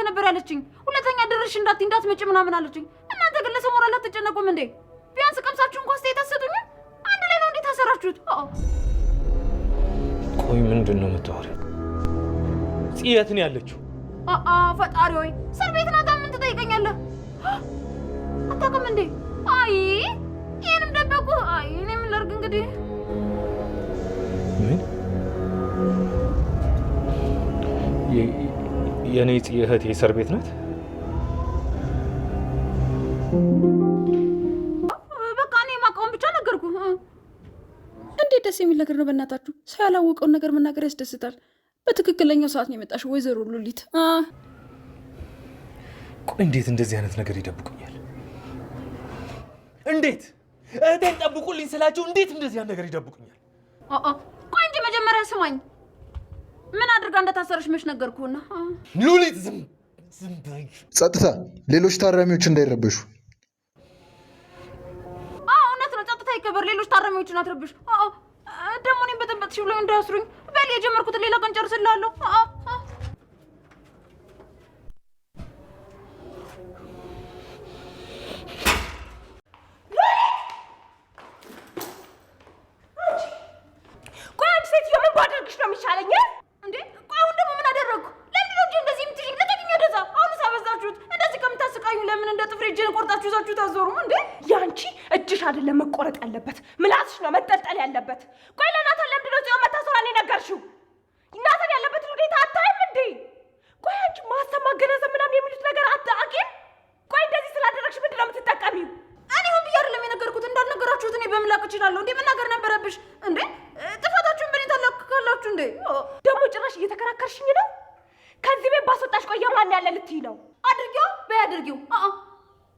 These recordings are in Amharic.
እናንተ ነበር ያለችኝ። ሁለተኛ ድርሽ እንዳት እንዳት መጭ ምናምን አለችኝ። እናንተ ግን ለሰው ሞራል አትጨነቁም እንዴ? ቢያንስ ቀምሳችሁ እንኳ አስተያየት አትሰጡኝ? አንድ ላይ ነው እንዴት አሰራችሁት? ቆይ ምንድን ነው የምታወሪው? ጽየት ነው ያለችው። አአ ፈጣሪ ሆይ እስር ቤት ናታ። ምን ትጠይቀኛለህ? አታውቅም እንዴ? አይ ይሄንም ደበቁ። አይ እኔ ምን ላድርግ እንግዲህ ምን የእኔ እህቴ እስር ቤት ናት። በቃ እኔ የማውቀውን ብቻ ነገርኩ። እንዴት ደስ የሚል ነገር ነው! በእናታችሁ ሰው ያላወቀውን ነገር መናገር ያስደስታል። በትክክለኛው ሰዓት ነው የመጣሽው ወይዘሮ ሉሊት። ቆይ እንዴት እንደዚህ አይነት ነገር ይደብቁኛል? እንዴት እህቴን ጠብቁልኝ ስላቸው እንዴት እንደዚህ አይነት ነገር ይደብቁኛል? ቆይ እንጂ መጀመሪያ ስማኝ ምን አድርጋ እንደታሰረች መች ነገርኩና። ሉሊት ዝም ጸጥታ፣ ሌሎች ታራሚዎች እንዳይረበሹ። አዎ እውነት ነው። ጸጥታ ይከበር፣ ሌሎች ታራሚዎችን አትረብሽ። ደግሞ እኔም በጠበጥሽ ብለው እንዳያስሩኝ። በል የጀመርኩትን ሌላ ቀን ጨርስላለሁ። አይደለም መቆረጥ ያለበት፣ ምላስሽ ነው መጠልጠል ያለበት።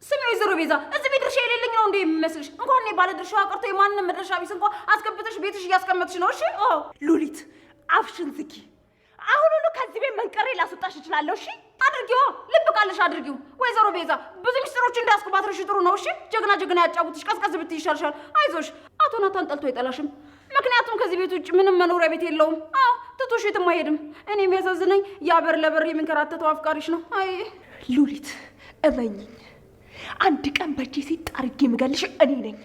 ስሚ ወይዘሮ ቤዛ እዚህ ቤት ድርሻ የሌለኝ ነው እንዴ የሚመስልሽ? እንኳን እኔ ባለ ድርሻ ቀርቶ የማንም መድረሻ ቢስ እንኳ አስገብተሽ ቤትሽ እያስቀመጥሽ ነው። እሺ ሉሊት፣ አፍሽን ዝጊ። አሁን ሁሉ ከዚህ ቤት መንቀሬ ላስወጣሽ እችላለሁ። እሺ አድርጊዋ፣ ልብ ቃልሽ አድርጊው። ወይዘሮ ቤዛ ብዙ ሚስጥሮች እንዳያስኩ ባትረሺ ጥሩ ነው። እሺ ጀግና ጀግና ያጫውትሽ፣ ቀዝቀዝ ብት ይሻልሻል። አይዞሽ፣ አቶ ናታን ጠልቶ አይጠላሽም። ምክንያቱም ከዚህ ቤት ውጭ ምንም መኖሪያ ቤት የለውም። አዎ ትቶሽ የትም አይሄድም። እኔ የሚያሳዝነኝ ያ በር ለበር የሚንከራተተው አፍቃሪሽ ነው። አይ ሉሊት እመኝኝ አንድ ቀን በእጄ ሴት አርጌ የምገልሽ እኔ ነኝ።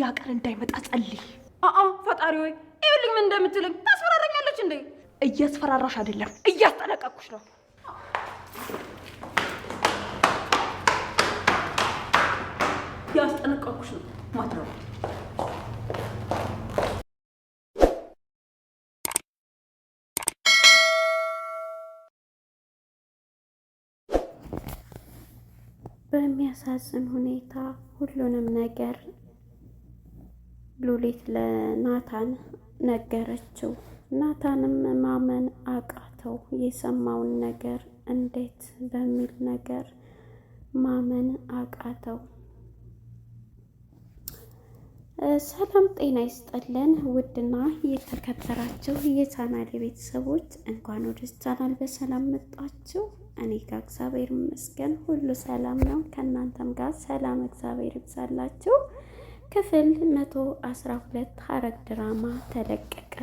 ያ ቀን እንዳይመጣ ጸልይ። አአ ፈጣሪ ወይ ይኸውልኝ፣ ምን እንደምትልኝ ታስፈራረኛለች እንዴ? እያስፈራራሽ አይደለም እያስጠነቀኩሽ ነው። ያስጠነቀኩሽ ነው ማትረባ በሚያሳዝን ሁኔታ ሁሉንም ነገር ሉሊት ለናታን ነገረችው። ናታንም ማመን አቃተው። የሰማውን ነገር እንዴት በሚል ነገር ማመን አቃተው። ሰላም ጤና ይስጠለን። ውድና የተከበራችሁ የቻናል ቤተሰቦች እንኳን ወደ ቻናል በሰላም መጣችሁ። እኔ ጋር እግዚአብሔር ይመስገን ሁሉ ሰላም ነው። ከእናንተም ጋር ሰላም እግዚአብሔር ይብዛላችሁ። ክፍል መቶ አስራ ሁለት ሐረግ ድራማ ተለቀቀ።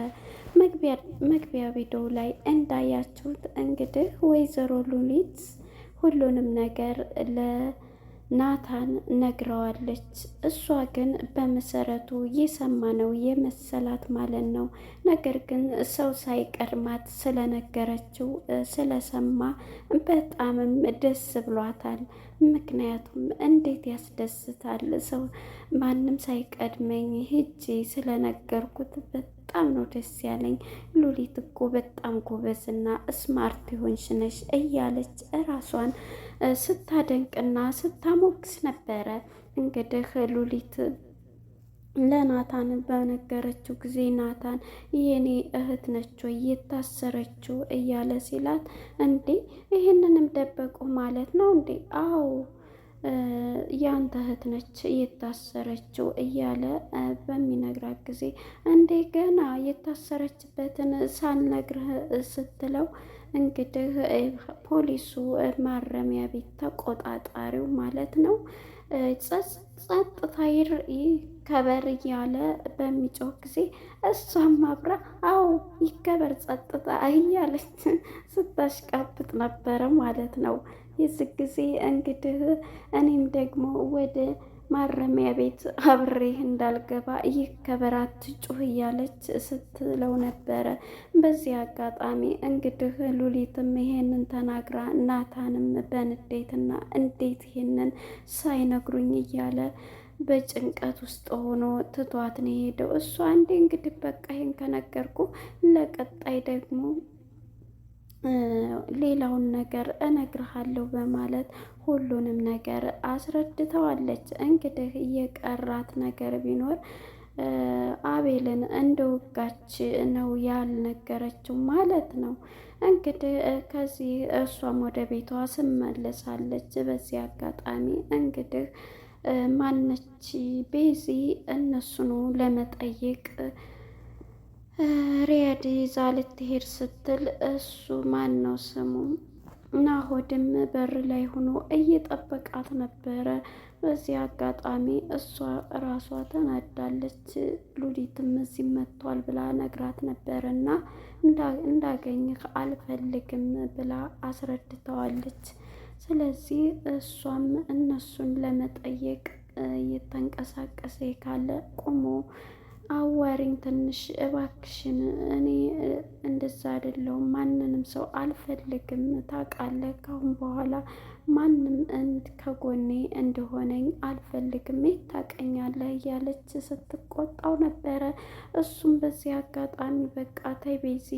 መግቢያ ቪዲዮ ላይ እንዳያችሁት እንግዲህ ወይዘሮ ሉሊት ሁሉንም ነገር ለ ናታን ነግረዋለች። እሷ ግን በመሰረቱ የሰማ ነው የመሰላት ማለት ነው። ነገር ግን ሰው ሳይቀድማት ስለነገረችው ስለሰማ በጣምም ደስ ብሏታል። ምክንያቱም እንዴት ያስደስታል ሰው ማንም ሳይቀድመኝ ሂጂ ስለነገርኩት በጣም ነው ደስ ያለኝ። ሉሊት እኮ በጣም ጎበዝና ስማርት የሆንሽ ነሽ እያለች እራሷን ስታደንቅና ስታሞግስ ነበረ። እንግዲህ ሉሊት ለናታን በነገረችው ጊዜ ናታን የኔ እህት ነች ወይ የታሰረችው እያለ ሲላት፣ እንዴ ይህንንም ደበቁ ማለት ነው እንዴ? አዎ ያንተ እህት ነች የታሰረችው እያለ በሚነግራት ጊዜ እንዴ ገና የታሰረችበትን ሳልነግርህ ስትለው እንግዲህ ፖሊሱ ማረሚያ ቤት ተቆጣጣሪው ማለት ነው ጸጥታ ይር ይከበር እያለ በሚጮህ ጊዜ እሷም አብራ አዎ ይከበር ጸጥታ እያለች ስታሽቃብጥ ነበረ ማለት ነው። የዚህ ጊዜ እንግዲህ እኔም ደግሞ ወደ ማረሚያ ቤት አብሬ እንዳልገባ ይህ ከበራት ጩህ እያለች ስትለው ነበረ። በዚህ አጋጣሚ እንግዲህ ሉሊትም ይሄንን ተናግራ ናታንም በንዴትና እንዴት ይሄንን ሳይነግሩኝ እያለ በጭንቀት ውስጥ ሆኖ ትቷት ነው የሄደው። እሷ አንዴ እንግዲህ በቃ ይሄን ከነገርኩ ለቀጣይ ደግሞ ሌላውን ነገር እነግርሃለሁ በማለት ሁሉንም ነገር አስረድተዋለች። እንግዲህ የቀራት ነገር ቢኖር አቤልን እንደወጋች ነው ያልነገረችው ማለት ነው። እንግዲህ ከዚህ እሷም ወደ ቤቷ ስመለሳለች። በዚህ አጋጣሚ እንግዲህ ማነች ቤዚ እነሱኑ ለመጠየቅ ሪያድ ይዛ ልትሄድ ስትል እሱ ማን ነው ስሙ ናሆድም በር ላይ ሆኖ እየጠበቃት ነበረ። በዚህ አጋጣሚ እሷ ራሷ ተናዳለች። ሉሊትም እዚህ መጥቷል ብላ ነግራት ነበረ እና እንዳገኝህ አልፈልግም ብላ አስረድተዋለች። ስለዚህ እሷም እነሱን ለመጠየቅ እየተንቀሳቀሰ ካለ ቁሞ አዋሪኝ ትንሽ እባክሽን፣ እኔ እንደዛ አይደለሁም፣ ማንንም ሰው አልፈልግም፣ ታውቃለህ። ካሁን በኋላ ማንም እንድ ከጎኔ እንደሆነኝ አልፈልግም፣ ታቀኛለህ እያለች ስትቆጣው ነበረ። እሱም በዚህ አጋጣሚ በቃ ተይ ቤዚ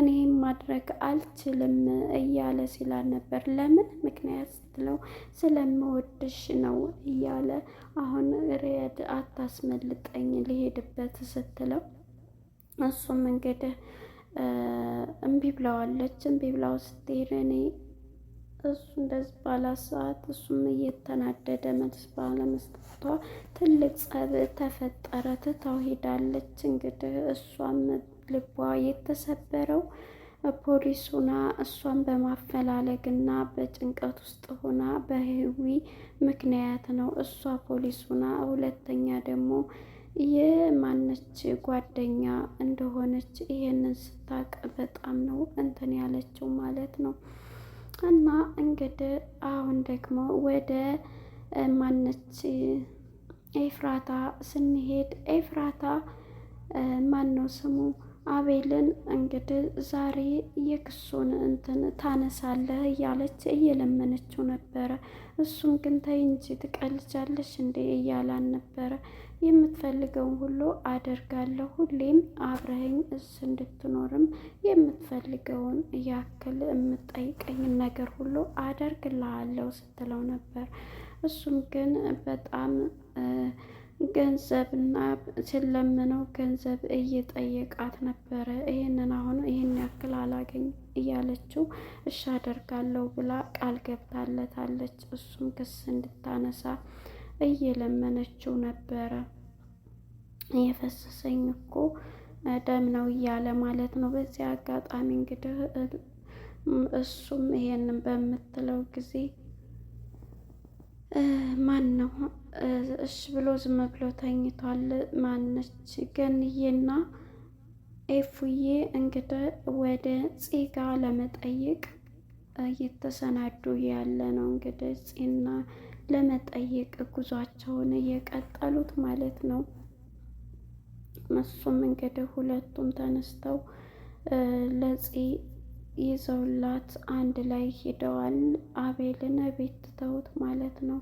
እኔም ማድረግ አልችልም እያለ ሲላል ነበር። ለምን ምክንያት ስትለው ስለምወድሽ ነው እያለ አሁን ሪያድ አታስመልጠኝ ሊሄድበት ስትለው እሱም እንግዲህ እምቢ ብለዋለች። እምቢ ብለው ስትሄድ እኔ እሱ እንደዚህ ባላት ሰዓት እሱም እየተናደደ መልስ ባለመስጠቷ ትልቅ ጸብ ተፈጠረ። ትታው ሄዳለች። እንግዲህ እሷም ልቧ የተሰበረው ፖሊሱና እሷን በማፈላለግ በጭንቀት ውስጥ ሆና በህዊ ምክንያት ነው። እሷ ፖሊሱና ሁለተኛ ደግሞ የማነች ጓደኛ እንደሆነች ይሄንን ስታቅ በጣም ነው እንትን ያለችው ማለት ነው። እና እንግዲህ አሁን ደግሞ ወደ ማነች ኤፍራታ ስንሄድ ኤፍራታ ማን ነው ስሙ አቤልን እንግዲህ ዛሬ የክሱን እንትን ታነሳለህ እያለች እየለመነችው ነበረ። እሱም ግን ተይ እንጂ ትቀልጃለሽ እንዴ እያላን ነበረ። የምትፈልገውን ሁሉ አደርጋለሁ፣ ሁሌም አብረኸኝ እስ እንድትኖርም የምትፈልገውን ያክል የምጠይቀኝ ነገር ሁሉ አደርግልሃለሁ ስትለው ነበር። እሱም ግን በጣም ገንዘብና ስለምነው ገንዘብ እየጠየቃት ነበረ። ይህንን አሁን ይህን ያክል አላገኝ እያለችው እሺ አደርጋለሁ ብላ ቃል ገብታለታለች። እሱም ክስ እንድታነሳ እየለመነችው ነበረ። የፈሰሰኝ እኮ ደም ነው እያለ ማለት ነው። በዚህ አጋጣሚ እንግዲህ እሱም ይሄንን በምትለው ጊዜ ማን ነው እሽ ብሎ ዝም ብሎ ተኝቷል። ማነች ገንዬና ኤፉዬ እንግዲህ ወደ ጽጋ ለመጠየቅ እየተሰናዱ ያለ ነው። እንግዲህ ጽና ለመጠየቅ ጉዟቸውን እየቀጠሉት ማለት ነው። እሱም እንግዲህ ሁለቱም ተነስተው ለጽ ይዘውላት አንድ ላይ ሂደዋል። አቤልን ቤት ትተውት ማለት ነው።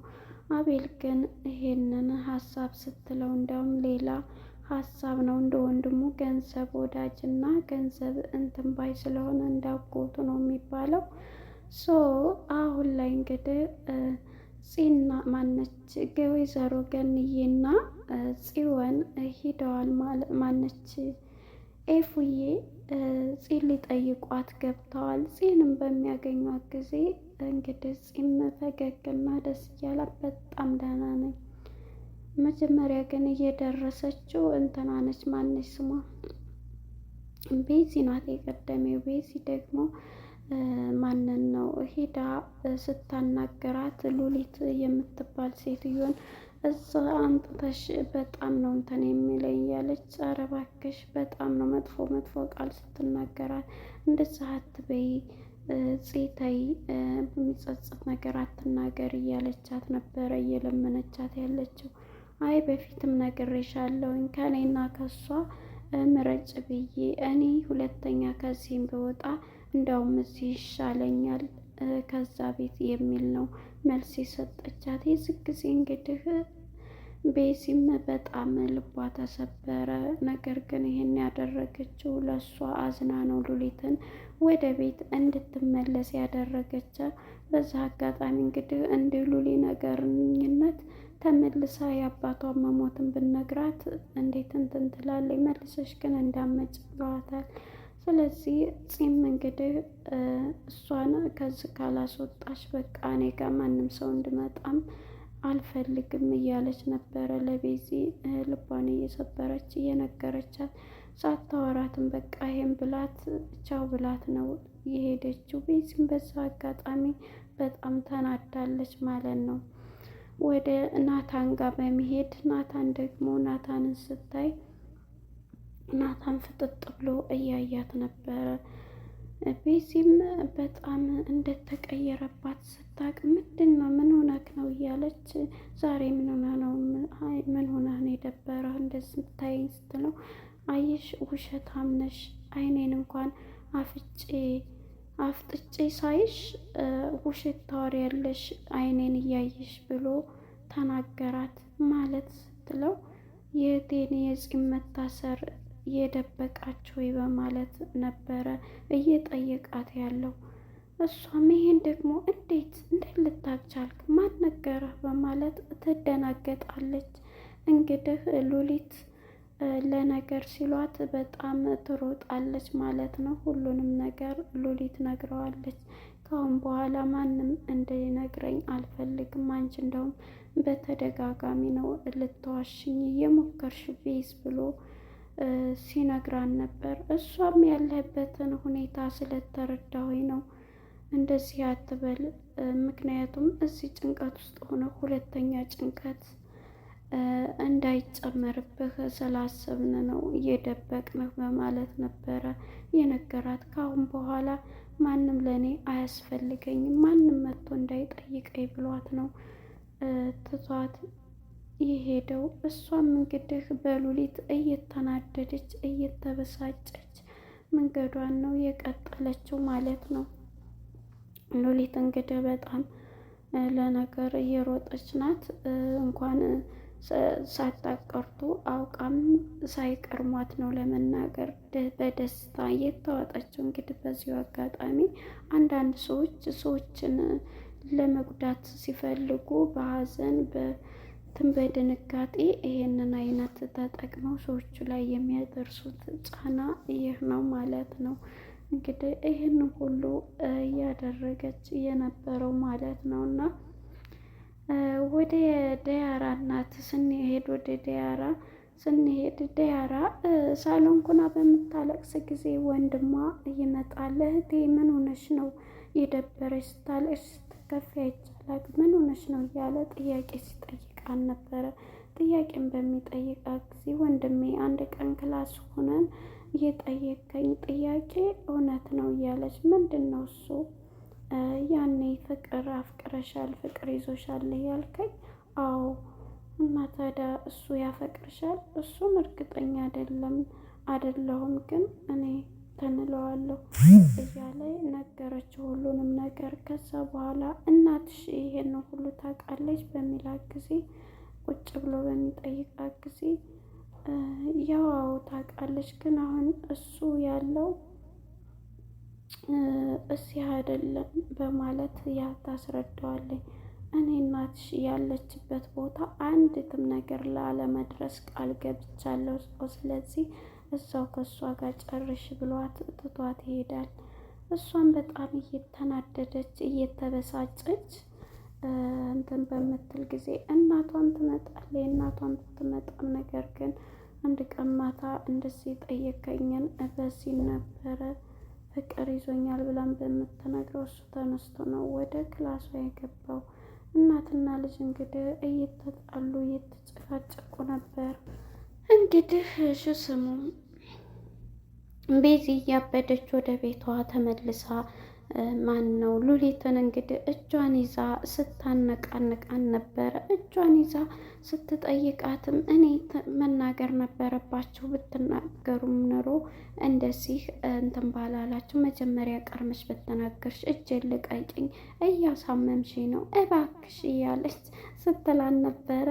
አቤል ግን ይሄንን ሀሳብ ስትለው እንዲያውም ሌላ ሀሳብ ነው። እንደ ወንድሙ ገንዘብ ወዳጅ እና ገንዘብ እንትን ባይ ስለሆነ እንዳጎቱ ነው የሚባለው። ሶ አሁን ላይ እንግዲህ ጺና ማነች ወይዘሮ ገንዬና ጽወን ሂደዋል። ማነች ኤፉዬ ጺን ሊጠይቋት ገብተዋል። ጺንም በሚያገኟት ጊዜ እንግዲህ ጺም ፈገግና ደስ እያላት በጣም ደህና ነኝ። መጀመሪያ ግን እየደረሰችው እንትና ነች፣ ማነች ስሟ ቤዚ ናት። የቀደሜ ቤዚ ደግሞ ማንን ነው ሄዳ ስታናገራት ሉሊት የምትባል ሴትዮን እዛ አንጥተሽ በጣም ነው እንትን የሚለኝ እያለች ኧረ እባክሽ በጣም ነው መጥፎ መጥፎ ቃል ስትናገራት፣ እንደዚህ አትበይ ጼታይ የሚጸጽት ነገር አትናገር እያለቻት ነበረ እየለመነቻት ያለችው። አይ በፊትም ነግሬሻለሁኝ ከእኔና ከሷ ምረጭ ብዬ እኔ ሁለተኛ ከዚህም በወጣ እንዳውም እዚህ ይሻለኛል ከዛ ቤት የሚል ነው መልስ የሰጠቻት። የዚህ ጊዜ እንግዲህ ቤዚም በጣም ልቧ ተሰበረ። ነገር ግን ይህን ያደረገችው ለእሷ አዝና ነው ሉሊትን ወደ ቤት እንድትመለስ ያደረገች። በዛ አጋጣሚ እንግዲህ እንደ ሉሊ ነገርኝነት ተመልሳ የአባቷ መሞትን ብነግራት እንዴት እንትን ትላለች፣ መልሰሽ ግን እንዳመጭ ብለዋታል። ስለዚህ ጺም እንግዲህ እሷን ከዚህ ካላስወጣሽ በቃ እኔ ጋር ማንም ሰው እንድመጣም አልፈልግም እያለች ነበረ ለቤዚ ልቧን እየሰበረች እየነገረቻት ሳታወራትም በቃ ይሄን ብላት ቻው ብላት ነው የሄደችው። ቤዚም በዛ አጋጣሚ በጣም ተናዳለች ማለት ነው። ወደ ናታን ጋር በመሄድ ናታን ደግሞ ናታንን ስታይ ናታን ፍጥጥ ብሎ እያያት ነበረ። ቤዚም በጣም እንደተቀየረባት ስታቅ ምንድን ነው ምን ሆነህ ነው እያለች ዛሬ ምን ሆነ ነው ምን ሆነህ ነው የደበረህ እንደዚህ ስታይኝ ስትለው አየሽ ውሸታም ነሽ አይኔን እንኳን አፍጬ አፍጥጬ ሳይሽ ውሸት ታወሪያለሽ አይኔን እያየሽ ብሎ ተናገራት ማለት ስትለው የቴን የፂም መታሰር እየደበቃችሁ በማለት ነበረ እየጠየቃት ያለው። እሷም ይሄን ደግሞ እንዴት እንዴት ልታቻልክ ማን ነገረህ በማለት ትደናገጣለች። እንግዲህ ሉሊት ለነገር ሲሏት በጣም ትሮጣለች ማለት ነው። ሁሉንም ነገር ሉሊት ነግረዋለች። ካሁን በኋላ ማንም እንዲነግረኝ አልፈልግም። አንቺ እንደውም በተደጋጋሚ ነው ልትዋሽኝ እየሞከርሽ ፌስ ብሎ ሲነግራን ነበር። እሷም ያለህበትን ሁኔታ ስለተረዳሁኝ ነው እንደዚህ አትበል፣ ምክንያቱም እዚህ ጭንቀት ውስጥ ሆነ ሁለተኛ ጭንቀት እንዳይጨመርብህ ስላሰብን ነው እየደበቅንህ በማለት ነበረ የነገራት። ካሁን በኋላ ማንም ለእኔ አያስፈልገኝም፣ ማንም መጥቶ እንዳይጠይቀኝ ብሏት ነው ትቷት የሄደው። እሷም እንግዲህ በሉሊት እየተናደደች እየተበሳጨች መንገዷን ነው የቀጠለችው ማለት ነው። ሉሊት እንግዲህ በጣም ለነገር እየሮጠች ናት። እንኳን ሳታቀርቱ አውቃም ሳይቀርሟት ነው ለመናገር በደስታ የተዋጠችው። እንግዲህ በዚሁ አጋጣሚ አንዳንድ ሰዎች ሰዎችን ለመጉዳት ሲፈልጉ በሀዘን እንትን በድንጋጤ ይሄንን አይነት ተጠቅመው ሰዎቹ ላይ የሚያደርሱት ጫና ይህ ነው ማለት ነው። እንግዲህ ይህን ሁሉ እያደረገች የነበረው ማለት ነው እና ወደ ደያራ እናት ስንሄድ ወደ ደያራ ስንሄድ ደያራ ሳሎን ኩና በምታለቅስ ጊዜ ወንድሟ ይመጣል። እህቴ ምን ሆነሽ ነው የደበረች? ስታለቅሽ ስትከፊ አይቼ ስትላክ ምን ሆነች ነው እያለ ጥያቄ ሲጠይቃን ነበረ። ጥያቄን በሚጠይቃት ጊዜ ወንድሜ አንድ ቀን ክላስ ሆነን እየጠየቀኝ ጥያቄ እውነት ነው እያለች ምንድን ነው እሱ ያኔ ፍቅር አፍቅረሻል፣ ፍቅር ይዞሻል እያልከኝ አዎ። እና ታዲያ እሱ ያፈቅርሻል? እሱም እርግጠኛ አይደለም አይደለሁም ግን እኔ ተንለዋለሁ እያለ ነገረችው ሁሉንም ነገር። ከዛ በኋላ እናትሽ ይሄን ሁሉ ታውቃለች በሚላት ጊዜ ቁጭ ብሎ በሚጠይቃት ጊዜ ያው ታውቃለች፣ ግን አሁን እሱ ያለው እዚህ አይደለም በማለት ያ ታስረዳዋለች። እኔ እናትሽ ያለችበት ቦታ አንዲትም ነገር ላለመድረስ ቃል ገብቻለሁ። ስለዚህ እዛው ከእሷ ጋር ጨርሽ ብሏት ትቷት ይሄዳል። እሷን በጣም እየተናደደች እየተበሳጨች እንትን በምትል ጊዜ እናቷን ትመጣለች። እናቷን ብትመጣም ነገር ግን አንድ ቀን ማታ እንደዚህ ጠየቀኝን በዚህ ነበረ ፍቅር ይዞኛል ብላን በምትነግረው እሱ ተነስቶ ነው ወደ ክላሷ የገባው። እናትና ልጅ እንግዲህ እየተጣሉ እየተጨቃጨቁ ነበር። እንግዲህ እሺ ቤዚ እያበደች ወደ ቤቷ ተመልሳ ማን ነው ሉሊትን እንግዲህ እጇን ይዛ ስታነቃነቃን ነበረ። እጇን ይዛ ስትጠይቃትም እኔ መናገር ነበረባችሁ፣ ብትናገሩም ኑሮ እንደዚህ እንትን ባላላችሁ፣ መጀመሪያ ቀርመሽ ብትናገርሽ፣ እጅ ልቀቂኝ፣ እያሳመምሽ ነው እባክሽ እያለች ስትላን ነበረ።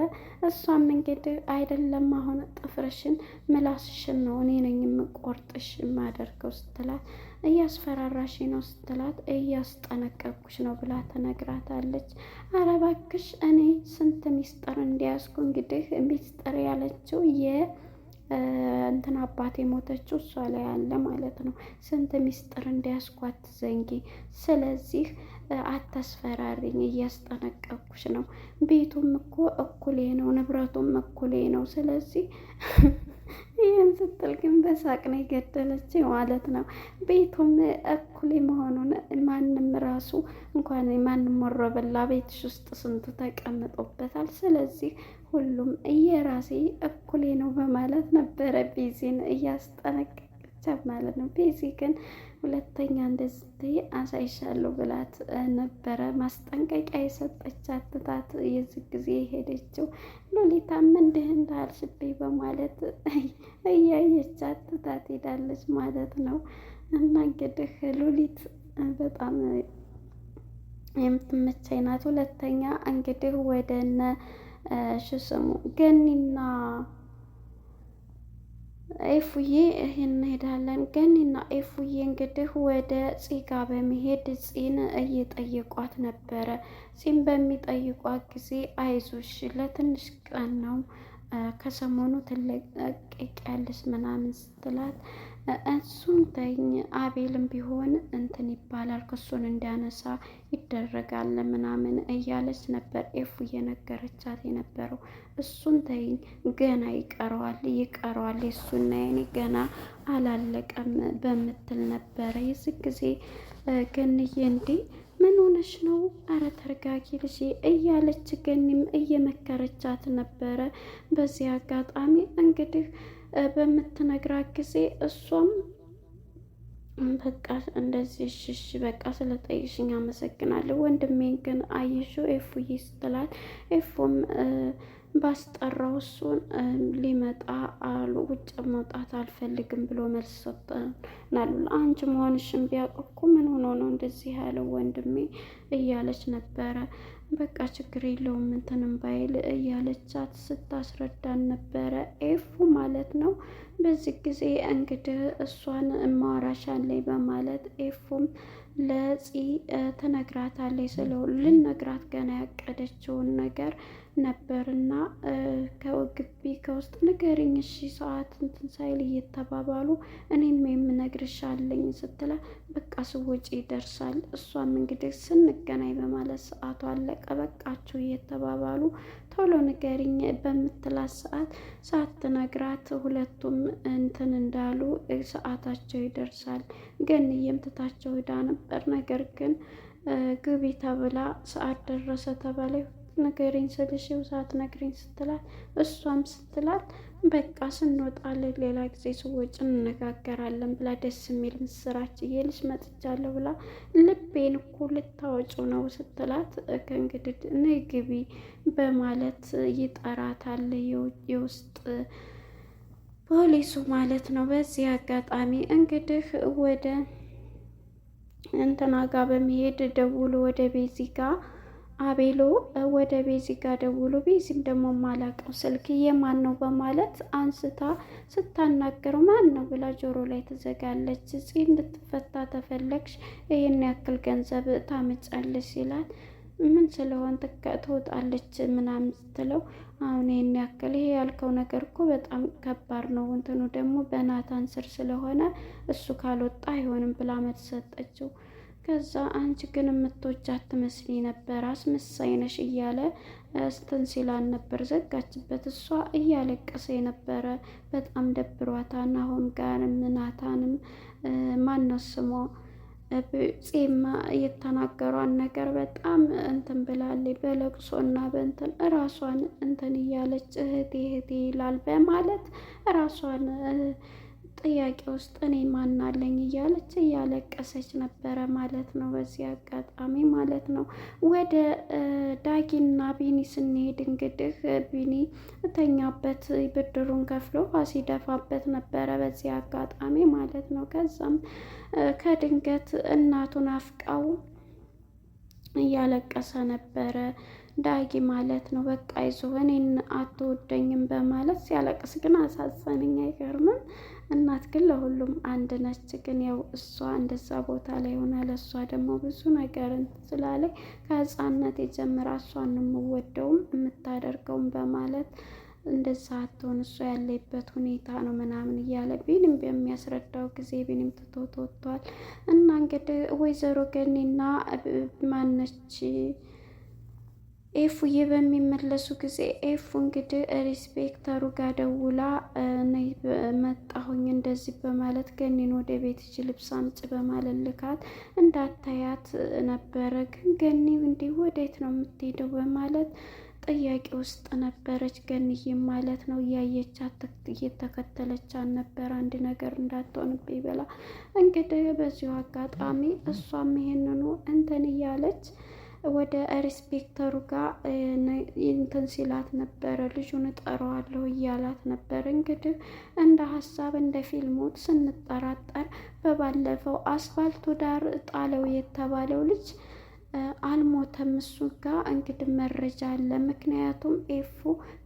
እሷም እንግዲህ አይደለም አሁን ጥፍርሽን፣ ምላስሽን ነው እኔ ነኝ የምቆርጥሽ የማደርገው ስትላት እያስፈራራሽ ነው ስትላት እያስጠነቀኩሽ ነው ብላ ተነግራታለች። አረ እባክሽ እኔ ስንት ሚስጥር እንዲያ ያዝኩ እንግዲህ እምቢት ጥሪ ያለችው የእንትን አባት የሞተችው እሷ ላይ አለ ማለት ነው። ስንት ሚስጥር እንዲያስኳት ዘንጊ። ስለዚህ አታስፈራሪኝ፣ እያስጠነቀኩሽ ነው። ቤቱም እኮ እኩሌ ነው፣ ንብረቱም እኩሌ ነው። ስለዚህ ይህን ስትል ግን በሳቅ ነው የገደለች ማለት ነው። ቤቱም እኩሌ መሆኑ ራሱ እንኳን ማንም ወሮ በላ ቤትሽ ውስጥ ስንቱ ተቀምጦበታል። ስለዚህ ሁሉም እየራሴ እኩሌ ነው በማለት ነበረ ቤዚን እያስጠነቀቀቻት ማለት ነው። ቤዚ ግን ሁለተኛ እንደዚህ አሳይሻለሁ ብላት ነበረ ማስጠንቀቂያ የሰጠቻት ትታት የዚ ጊዜ የሄደችው ሎሊታ እንዲህ እንዳልሽብኝ በማለት እያየቻት ትታት ሄዳለች ማለት ነው። እና እንግዲህ ሎሊት በጣም የምትመቸኝ ናት። ሁለተኛ እንግዲህ ወደ እነ ሽስሙ ገኒና ኤፉዬ እንሄዳለን። ገኒና ኤፉዬ እንግዲህ ወደ ፂጋ በመሄድ ፂን እየጠየቋት ነበረ። ፂን በሚጠይቋት ጊዜ አይዞሽ ለትንሽ ቀን ነው ከሰሞኑ ትለቀቂያለሽ ምናምን ስትላት እሱም ተኝ አቤልም ቢሆን እንትን ይባላል ክሱን እንዲያነሳ ይደረጋል ምናምን እያለች ነበር ኤፉ እየነገረቻት የነበረው። እሱም ተይኝ ገና ይቀረዋል ይቀረዋል የሱና የኔ ገና አላለቀም በምትል ነበረ። የዚህ ጊዜ ገንዬ እንዴ ምን ሆነሽ ነው? አረ ተረጋጊ ልጄ እያለች ገኒም እየመከረቻት ነበረ። በዚህ አጋጣሚ እንግዲህ በምትነግራት ጊዜ እሷም በቃ እንደዚህ ሽሽ በቃ ስለጠይሽኝ አመሰግናለሁ፣ ወንድሜን ግን አየሽው ኤፉዬ ስትላት ኤፉም ባስጠራው እሱን ሊመጣ አሉ ውጭ መውጣት አልፈልግም ብሎ መልስ ሰጠናሉ። አንቺ መሆንሽን ቢያውቅ እኮ ምን ሆኖ ነው እንደዚህ ያለው ወንድሜ እያለች ነበረ። በቃ ችግር የለውም እንትንም ባይል እያለቻት ስታስረዳን ነበረ ኤፉ ማለት ነው። በዚህ ጊዜ እንግዲህ እሷን ማዋራሻን ላይ በማለት ኤፉም ለፂ ትነግራታለች። ስለው ልነግራት ገና ያቀደችውን ነገር ነበርና ከግቢ ከውስጥ ንገሪኝ እሺ ሰዓት እንትን ሳይል እየተባባሉ እኔም የምነግርሻለኝ ስትላ በቃ ስወጪ ይደርሳል እሷም እንግዲህ ስንገናኝ በማለት ሰዓቱ አለቀ በቃችሁ እየተባባሉ ቶሎ ንገሪኝ በምትላት ሰዓት ሳትነግራት ሁለቱም እንትን እንዳሉ ሰዓታቸው ይደርሳል። ግን የምትታቸው ሄዳ ነበር። ነገር ግን ግቢ ተብላ ሰዓት ደረሰ ተባለ። ንገሪኝ ስልሽ ሳትነግሪኝ ስትላት እሷም ስትላት በቃ ስንወጣለን ሌላ ጊዜ ሰዎች እንነጋገራለን ብላ ደስ የሚል ምስራች እየልሽ መጥቻለሁ ብላ ልቤን እኮ ልታወጩ ነው ስትላት ከእንግዲህ ንግቢ በማለት ይጠራታል። የውስጥ ፖሊሱ ማለት ነው። በዚህ አጋጣሚ እንግዲህ ወደ እንትና በመሄድ ደውሎ ወደ ቤዚ አቤሎ ወደ ቤዚ ጋር ደውሎ ቤዚም ደግሞ ማላቀው ስልክ የማን ነው በማለት አንስታ ስታናገረው ማን ነው ብላ ጆሮ ላይ ትዘጋለች። ጽ እንድትፈታ ተፈለግሽ ይህን ያክል ገንዘብ ታመጫለሽ ይላል። ምን ስለሆን ትወጣለች ምናምን ስትለው አሁን ይህን ያክል ይሄ ያልከው ነገር እኮ በጣም ከባድ ነው፣ እንትኑ ደግሞ በናታን ስር ስለሆነ እሱ ካልወጣ አይሆንም ብላ መልስ ሰጠችው። ከዛ አንቺ ግን የምትወጃ አትመስሊ ነበር አስመሳይ ነሽ እያለ ስትን ሲላን ነበር። ዘጋችበት። እሷ እያለቀሰ የነበረ በጣም ደብሯታን። አሁን ጋርም ናታንም ማነው ስሟ ጼማ እየተናገሯን ነገር በጣም እንትን ብላለች። በለቅሶ እና በእንትን እራሷን እንትን እያለች እህቴ እህቴ ይላል በማለት እራሷን ጥያቄ ውስጥ እኔ ማናለኝ እያለች እያለቀሰች ነበረ ማለት ነው። በዚህ አጋጣሚ ማለት ነው ወደ ዳጊና ቢኒ ስንሄድ እንግዲህ ቢኒ እተኛበት ብድሩን ከፍሎ ሲደፋበት ነበረ በዚህ አጋጣሚ ማለት ነው። ከዛም ከድንገት እናቱን አፍቃው እያለቀሰ ነበረ። ዳጊ ማለት ነው። በቃ አይዞህ እኔን አትወደኝም በማለት ሲያለቅስ ግን አሳዘነኝ። አይገርምም? እናት ግን ለሁሉም አንድ ነች። ግን ያው እሷ እንደዛ ቦታ ላይ ሆና ለእሷ ደግሞ ብዙ ነገርን ስላለኝ ከህፃነት የጀምራ እሷን የምወደውም የምታደርገውም በማለት እንደዛ አትሆን እሷ ያለበት ሁኔታ ነው ምናምን እያለ ቢንም በሚያስረዳው ጊዜ ቢንም ትቶት ወጥቷል። እና እንግዲህ ወይዘሮ ገኔና ማነች ኤፉዬ በሚመለሱ ጊዜ ኤፉ እንግዲህ ሪስፔክተሩ ጋር ደውላ መጣሁኝ እንደዚህ በማለት ገኒን ወደ ቤት እጅ ልብስ አምጪ በማለት ልካት እንዳታያት ነበረ። ግን ገኒ እንዲህ ወዴት ነው የምትሄደው በማለት ጥያቄ ውስጥ ነበረች። ገንዬ ማለት ነው እያየቻት እየተከተለች ነበር፣ አንድ ነገር እንዳትሆንብ ብላ እንግዲህ በዚሁ አጋጣሚ እሷም ይሄንኑ እንትን እያለች ወደ ሪስፔክተሩ ጋር እንትን ሲላት ነበረ። ልጁን እጠራዋለሁ እያላት ነበር። እንግዲህ እንደ ሀሳብ እንደ ፊልሙ ስንጠራጠር በባለፈው አስፋልቱ ዳር ጣለው የተባለው ልጅ አልሞተም። እሱ ጋር እንግዲህ መረጃ አለ። ምክንያቱም ኤፉ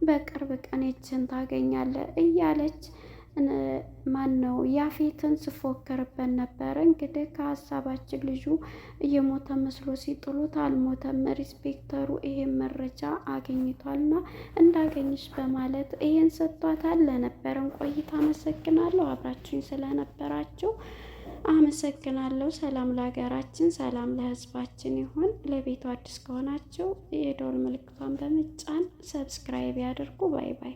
በቅርብ ቀን ይችን ታገኛለ እያለች ማን ነው ያፌትን ስፎከርበት ነበረ። እንግዲህ ከሀሳባችን ልጁ እየሞተ መስሎ ሲጥሉት አልሞተም። ሪስፔክተሩ ይሄን መረጃ አገኝቷልና እንዳገኝሽ በማለት ይሄን ሰጥቷታል። ለነበረን ቆይታ አመሰግናለሁ። አብራችሁኝ ስለነበራችሁ አመሰግናለሁ። ሰላም ለሀገራችን፣ ሰላም ለሕዝባችን ይሁን። ለቤቱ አዲስ ከሆናችሁ የደወል ምልክቷን በመጫን ሰብስክራይብ ያድርጉ። ባይ ባይ።